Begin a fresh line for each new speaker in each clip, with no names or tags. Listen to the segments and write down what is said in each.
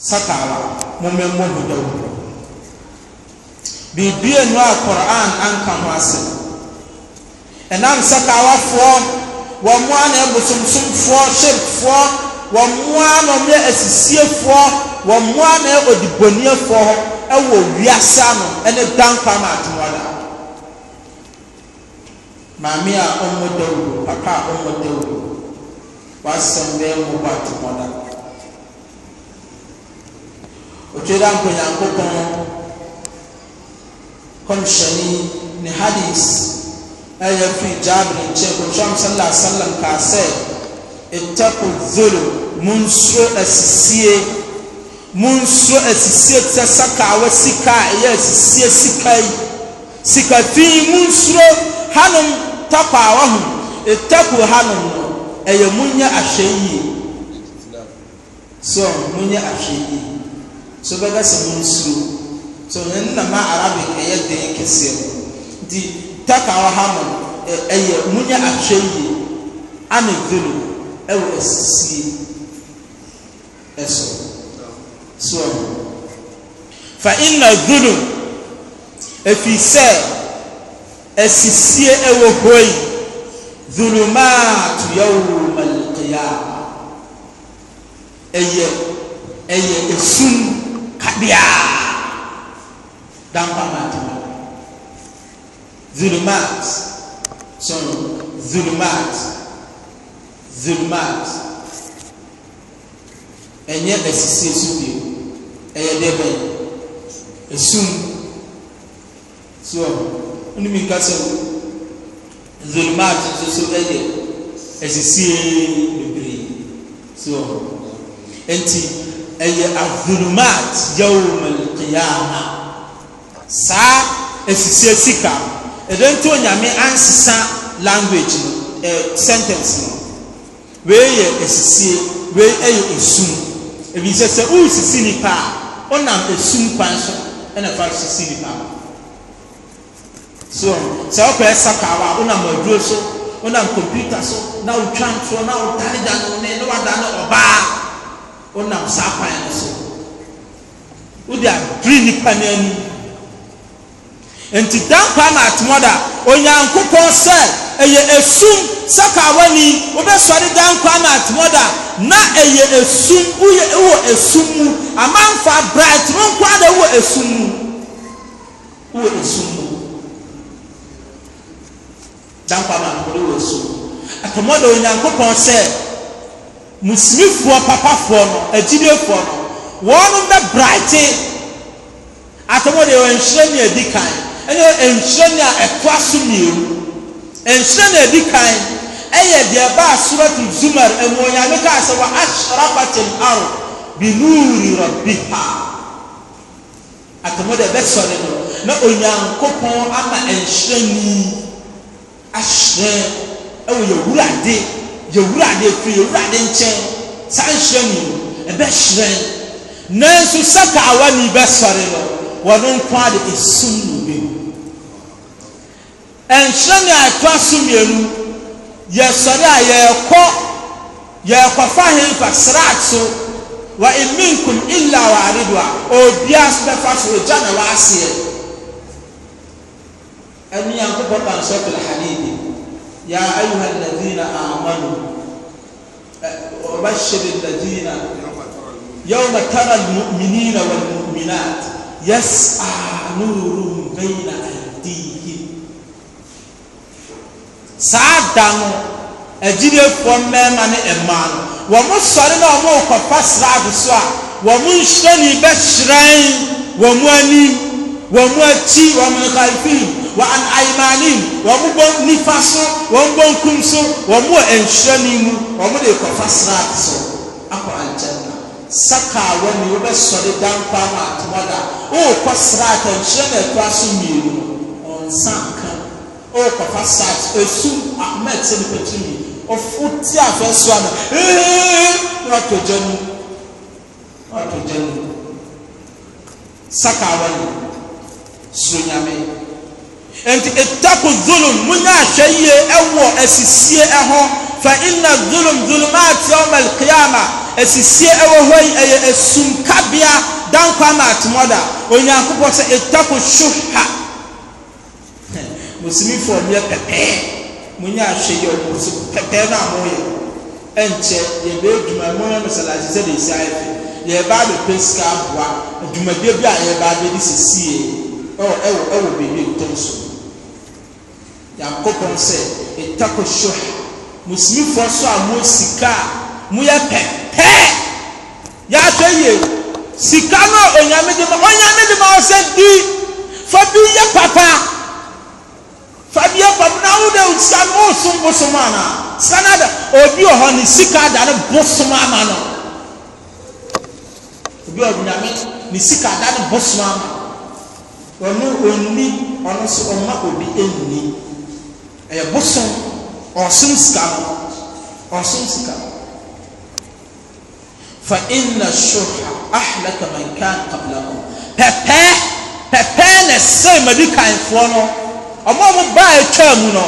sakawa mommɛmmɔ ho dawuro biribia e nu a quran anka ho ase ɛnam sakawafoɔ wɔn mo a na ɛbosomsomfoɔ hyirfoɔ wɔn mo a na ɔmo yɛ asisiefoɔ wɔn mo a na ɛyɛ odibonifoɔ ɛwɔ e wiase ano ɛne e dankwa ma atomɔda maame a ɔmo dawuro papa a ɔmo dawuro wasɛm bɛyɛ mo bɔ atomɔda. wɔtwerɛ ankɔ nyankopɔn kɔmhyɛne ne hadis ɛyɛ firi jabere nkyɛn kɔmhyɛm sala salam kaa sɛ ɛtako zolo monsuro asisie monsuro asisie te sɛ sakaawa sika a ɛyɛ asisie sika yi sika fii monsuro hanom takaawa ho ɛtako hanom no ɛyɛ monyɛ ahwɛ yie so monyɛ ahwɛ yie so bɛga se mo nsuro so hɛninama arabi ɛyɛ deɛkɛseɛo nti takawɔ ha mɔ ɛyɛ munyɛ atwɛnye ane ulum ɛwɔ asisie ɛsɔ s fa inna ulum ɛfi eh, sɛ asisie eh, ɛwɔ hɔyi zulumaatu ywm alqiyama ɛɛyɛ eh, ɛsum kabea dampa matema zulumat sɔrɔ zulumat zulumat ɛnyɛ ɛsisi esu bi ɛyɛ dɛ bɛ esum so ɔnu mi ka sɛ zulumat soso ɛyɛ ɛsisi bebree so ɛnti ɛyɛ adulumat yawmal qiyama saa asisie sika ɛdɛn nti onyame ansesa language no ɛ sentence no wei yɛ asisie wei ɛyɛ esum ebi sɛ sɛ ɔresisi nipa a ɔnam esum kwan so ɛna fa sisi nipa so sɛ ɔpɛ sakawa ɔnam aduro so ɔnam kɔmputa so na ɔtwa ntoɔ na ɔdane dane ne na wadane ɔbaa. wonam saa kwan no so wode aduri nnipa no anim enti dankwaa na atomɔda onyankopɔn sɛ ɛyɛ esum sɛ ka wani wobɛsɔre dankwaa na atomɔda na ɛyɛ asum wowɔ esum mu amanfa bright no nkoa da wowɔ asum mu wowɔ asum mu dankwaa na atomɔda wowɔ asum atomɔda onyankopɔn sɛ musumifoɔ papafoɔ no agyidiefoɔ no wɔnom bɛbraete atɔmɔ deɛ wɔ nhyerɛ ne adi kan ɛne nhyerɛ ne a ɛtoa so mmienu nhyerɛ ne adi kan ɛyɛ deɛ baa suratu zumar ɛmu onyame kaa sɛ wɔ ahyerabatem aro binuri rabbiha atɔmɔ deɛ bɛsɔre no na onyankopɔn ama nhyerɛ ni ahyerɛ ɛwɔ yɛ wurade yɛwurade firi yɛwurade nkyɛn saa nhyerɛ ni o ɛbɛhyerɛn nanso saka awa ni bɛsɔre no wɔn nko ade esum no bi nhyerɛ ni a ɛtɔ so mmienu yɛsɔre a yɛrekɔ yɛrekɔfa ahemfa sraat so wa minkum illa waaridu a obiara so bɛfa so ogya na waaseɛ ɛnu yankopɔn kan sɔkele hanidi. يا أيها الذين آمنوا وبشر الذين يوم ترى المؤمنين والمؤمنات يسعى نورهم بين أيديهم سعدنا agyidefoɔ mmarima ne mmaa no wɔn sɔre na wɔn rekɔfa sraado so a wɔn nhyirani bɛhyerɛn wɔn anim wɔn mu akyi wɔn mu nkaefin wɔn an aimanin wɔn mu bɔ nifa so wɔn bɔ nkum so wɔn mu wɔ nhwiren mu wɔn mu de kɔfa sraat so akɔ aljanna saka awɔ ni wɔbɛsɔre dankwa ma atomada ɔɔkɔ sraat nhwiren na ɛtɔ aso mmienu ɔnsa nka ɔɔkɔfa sraat esu ahoma ɛte ne pɛtɛ mi ɔfo ti afɛ so ano ee na ɔtɔ gya mu ɔtɔ gya mu saka awɔ suro nyame nti etako zulum munya ahwɛ yie ɛwɔ asisie ɛho fa inna zulum zulumaat yawm alqiyama asisie ɛwɔ hɔ yi ɛyɛ esumkabea dankwa na atemɔda onyankopɔn sɛ etako shuha musumifoɔ mmea pɛpɛɛ munya ahwɛ yie ɔmo so pɛpɛɛ na mo yɛ ɛnkyɛ yɛbɛ adwuma mo yɛ masalasi sɛ de esi ayɛ fɛ yɛba abɛpɛ sika aboa dwumadie bi a yɛba abɛdi sisie ɛwɔ ɛwɔ ɛwɔ baabi a ɛtɔn so yakɔpɔn sɛ ɛtakɔ hyɛ musimifoɔ so a mo sika a mo yɛ pɛpɛɛ yɛahwɛ yie sika no a onyame de ma onyame de ma ɔsɛ di fa bi yɛ papa fa bi yɛ papa na awo de sika no ɔsom bosom ana sani ada obi wɔ hɔ ne sika da ne bosom ama no obi wɔ nyame ne sika da ne bosom ama ɔno ɔnni ɔno nso ɔma obi ɛnni ɛyɛ bosom ɔsom sika no ɔsom sika no fa inna shurha ahlaka man kan qablahum pɛpɛɛ pɛpɛɛ na sɛn madikanfoɔ no ɔmo a wɔbaa atwa mu no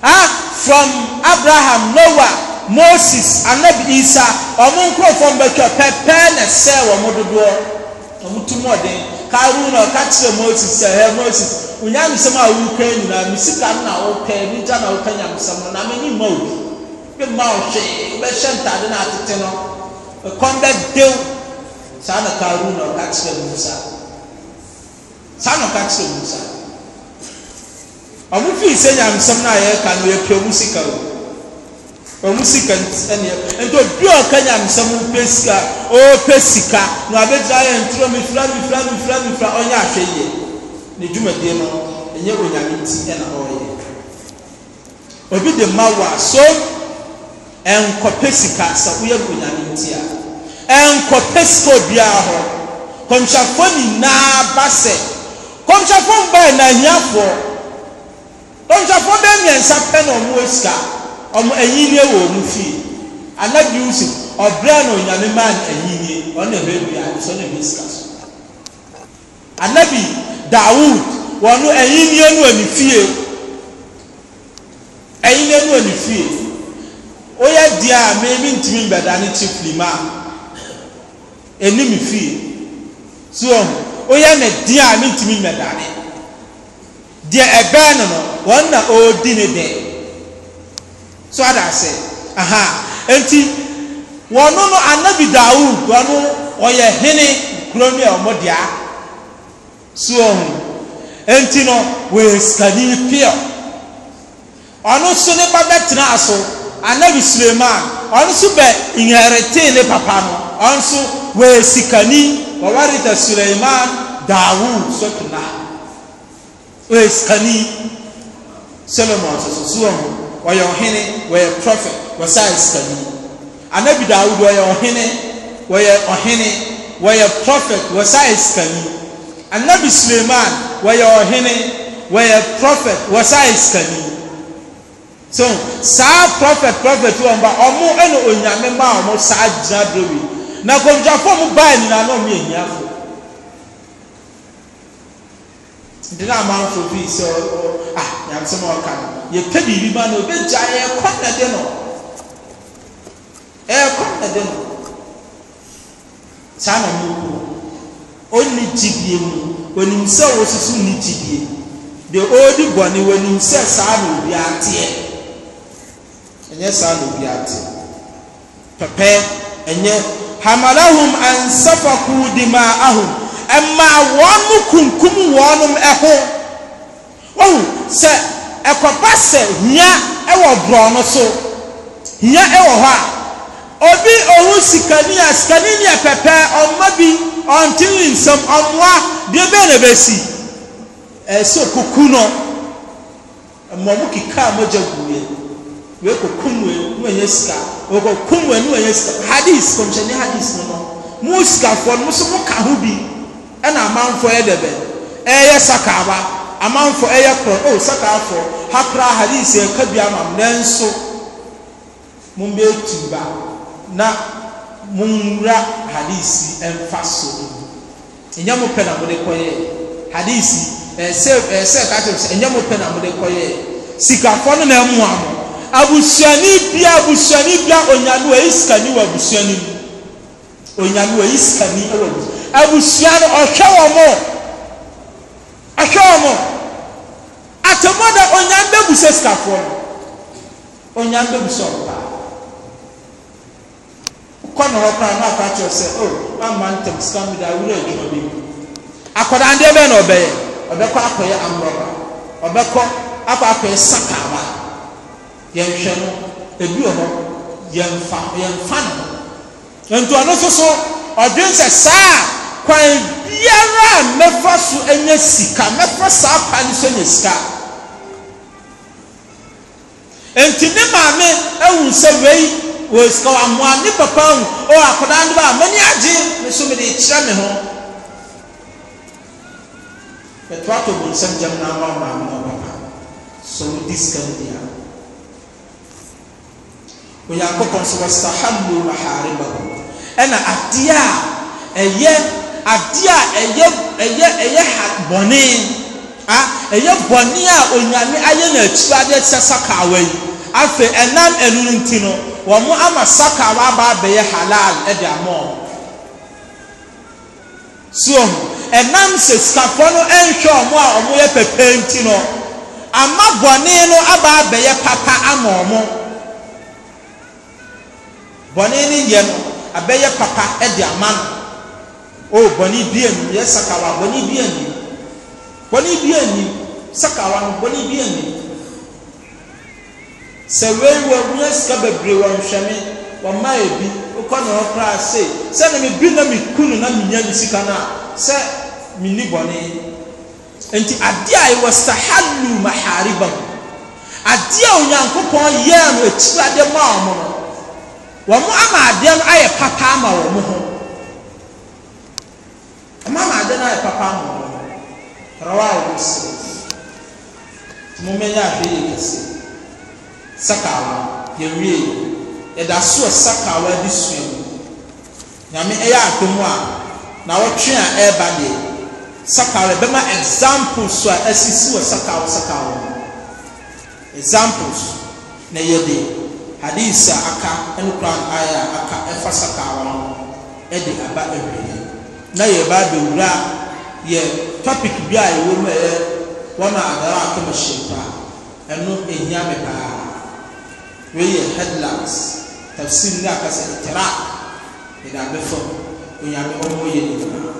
ha from abraham noah moses anabi isa ɔmo nkurɔfoɔ mbɛtwa pɛpɛɛ na sɛ wɔn dodoɔ ɔmo tum ɔden karuna ka kyerɛ moses sɛ ɛ moses onyamesɛm a woka nyinaa me sika na wopɛ ne gya na woka nyamesɛm no na m'ani ma obi bi ma wo hwee wobɛhyɛ ntade no atete no ɛkɔm bɛdew saa na karuna ɔka kyerɛ musa saa na ɔka kyerɛ musa ɔmo fii sɛ nyamesɛm no a yɛreka no yɛpɛ mu sika o ɔmu sika ɛneɛ nti obi a ɔka nyamesɛm pɛ sika ɔɔpɛ sika na wabɛgyina yɛ nturo mefira mefira mefira mefira ɔnyɛ ahwɛ yie ne dwumadie no ɛnyɛ onyame nti ɛna ɔreyɛ obi de ma wo a so ɛnkɔpɛ sika sɛ woyɛ onyame nti a ɛnkɔpɛ sika obiara hɔ kɔmhyɛfoɔ nyinaa ba sɛ kɔmhyɛfoɔ mbaa na ahiafoɔ kɔmhyɛfoɔ bɛɛ mmiɛnsa pɛ na ɔmo ɔmo ɛyin ne wɔ ɔmo fie anagyewusi ɔbrɛ no onyame man ɛyin ne ɔno ɛbɛ bi a ɔsɔ ne bi sika so anabi daawud wɔn ɛyin ne no wɔ ne fie ɛyin ne no wɔ ne fie oyɛ deɛ a mɛmi ntumi mbɛda ne kye filima a ɛnim fie so oyɛ ne deɛ a mɛntumi mbɛda ne deɛ ɛbɛn no no wɔn na ɔredi ne deɛ. so ase aha enti wɔno no anabi daud ọnụ ɔyɛ hene kuro no a ɔmɔdea soɔhu enti no wɔyɛ sikani pia ɔno so ne ba bɛtenaa so anabi suleman ɔno so bɛ ọ ne papa no ɔno so wɔyɛ sikani wɔwareta suleiman daud so tena wɔyɛ sikani solomon soso soɔhu ɔyɛ ɔhene wɔyɛ prɔfɛt wɔsaa sikani anabi dawud ɔyɛ ɔhene wɔyɛ ɔhene wɔyɛ prɔfɛt wɔsaa sikani anabi suleiman wɔyɛ ɔhene wɔyɛ prɔfɛt wɔsaa sikani so saa prɔfɛt prɔfɛt wɔn ba ɔmo ɛna onyame ma ɔmo saa gyina dɔwi na kɔntwafoɔ mo baa nyinaa na ɔmo yɛ hiafo ntina amanfo bi sɛ ɔɔ asɛm a ɔka no yɛpɛ biribi ba no obɛgya ɛɛkwan na de no ɛɛkwan na de no saa na mo wɔ ɔnni gyidie mu onim sɛ wɔsusu nni gyidie deɛ ɔredi bɔne wɔnim sɛ saa na obi ateɛ ɛnyɛ saa na obi ateɛ pɛpɛ ɛnyɛ hamalahum ansafaku dimaahum ɛmaa wɔn kunkum wɔn ho. ohu sɛ ɛkɔba sɛ hia ɛwɔ borɔ no so hia ɛwɔ hɔ a obi ohun sikani a sikani nea pɛpɛɛ ɔmma bi ɔntene nsɛm ɔmmoa deɛ bɛɛ ne bɛsi ɛɛ sɛ kuku no mmɔmo kekaa mɔgya guiɛ wei kɔkum wei ne wanya sika wɔkɔkum wei ne wanya sika hadis kɔmhyɛne hadis no no mo sikafoɔ no mo ka moka ho bi ɛna amanfoɔ yɛ dɛ bɛn ɛyɛ sakaaba amanfo ɛyɛ korɔ o oh, sakaafoɔ ha hadisi ɛka bi ama mu nanso mun bɛ tu ba na mun wura hadisi ɛnfa so ɛnyɛ mo pɛ na mo de kɔyɛ hadisi ɛsɛ ɛsɛ kakyɛ sɛ ɛnyɛ mo pɛ na mo de kɔyɛ sikafoɔ no na ɛmu amu abusuani bia abusuani bia onyanu ɛyi sikani wɔ abusuani mu onyanu ɛyi sikani ɛwɔ mu abusua no ɔhwɛ wɔn mo. atemmɔ da onyame bɛbu sɛ sikafoɔ no onyame bɛbu sɛ ɔbaa kɔne hɔ kora no aka kyerɛ sɛ o mama ntam sika mu da awura adwuma bi mu akɔdaa ndeɛ bɛɛ na ɔbɛyɛ ɔbɛkɔ akɔyɛ amrɔba ɔbɛkɔ akɔ akɔyɛ sakaaba yɛnhwɛ no ebi wɔ hɔ yɛnfa nfa no ho ntoano nso so ɔdwen sɛ saa kwan biara a mɛfa so anya sika mɛfa saa pa no so anya sika nti ne maame ehu sɛ wei wɔ sika amoa ne papa hu o akwadaa no ba a m'ani agye ne so mede kyerɛ ne ho ɛto ato bu nsɛm gyam na ama maame na papa so wodi sika no bia onyankopɔn sɛ wɔsahamlu mahariba ho ɛna adeɛ a ɛyɛ adeɛ a ɛyɛ ɛyɛ ɛyɛ ha bɔnee a ɛyɛ bɔne a onyame ayɛ n'akyiwade sɛ sakawa yi afei ɛnam anu no nti no wɔ ama sakawa abaa bɛyɛ halal ɛde amaɔ so ɛnam sɛ sikafɔ no ɛnhwɛ ɔ mo a ɔmoyɛ pɛpɛɛ nti no ama bɔne no abaa bɛyɛ papa ama mo bɔne no yɛ no abɛyɛ papa ɛde ama no o bɔne bianim yɛ sakawa bɔne bianim bɔne bia nni sɛkawa no bɔne bia nni sɛ wei wɔawura sika bebree wɔnhwɛme wɔma ebi wokɔ ne hɔ koraa se sɛne mebi na meku no na menya ne sika no a sɛ menni bɔne enti adeɛ a ɛwɔ sahalu maharibam adeɛ a onyankopɔn yɛɛ no akyiradeɛ ma ɔmo no wɔn ama adeɛ no ayɛ papa ama wɔn ho wɔn ama adeɛ no ayɛ papa ama momɛnya abɛyɛ kɛse sakawa yɛwie yɛda so sakawa de sua mu nyame ɛyɛ adom a na wɔtwe a ɛreba deɛ sakawa bɛma examples a asisi wɔ sakawa sakawa examples na yɛde hadith a aka ɛne koran ayɛ a aka ɛfa sakawa no ɛde aba awie na yɛba abɛwura yɛ topic bi a ɛwɔ mu ɛyɛ wɔma adara akoma hyɛnta ɛno ehia mi paa wɔyɛ headlines tafsir ne akasa ɛtara ɛdabɛ fam onyame ɔmo yɛ ne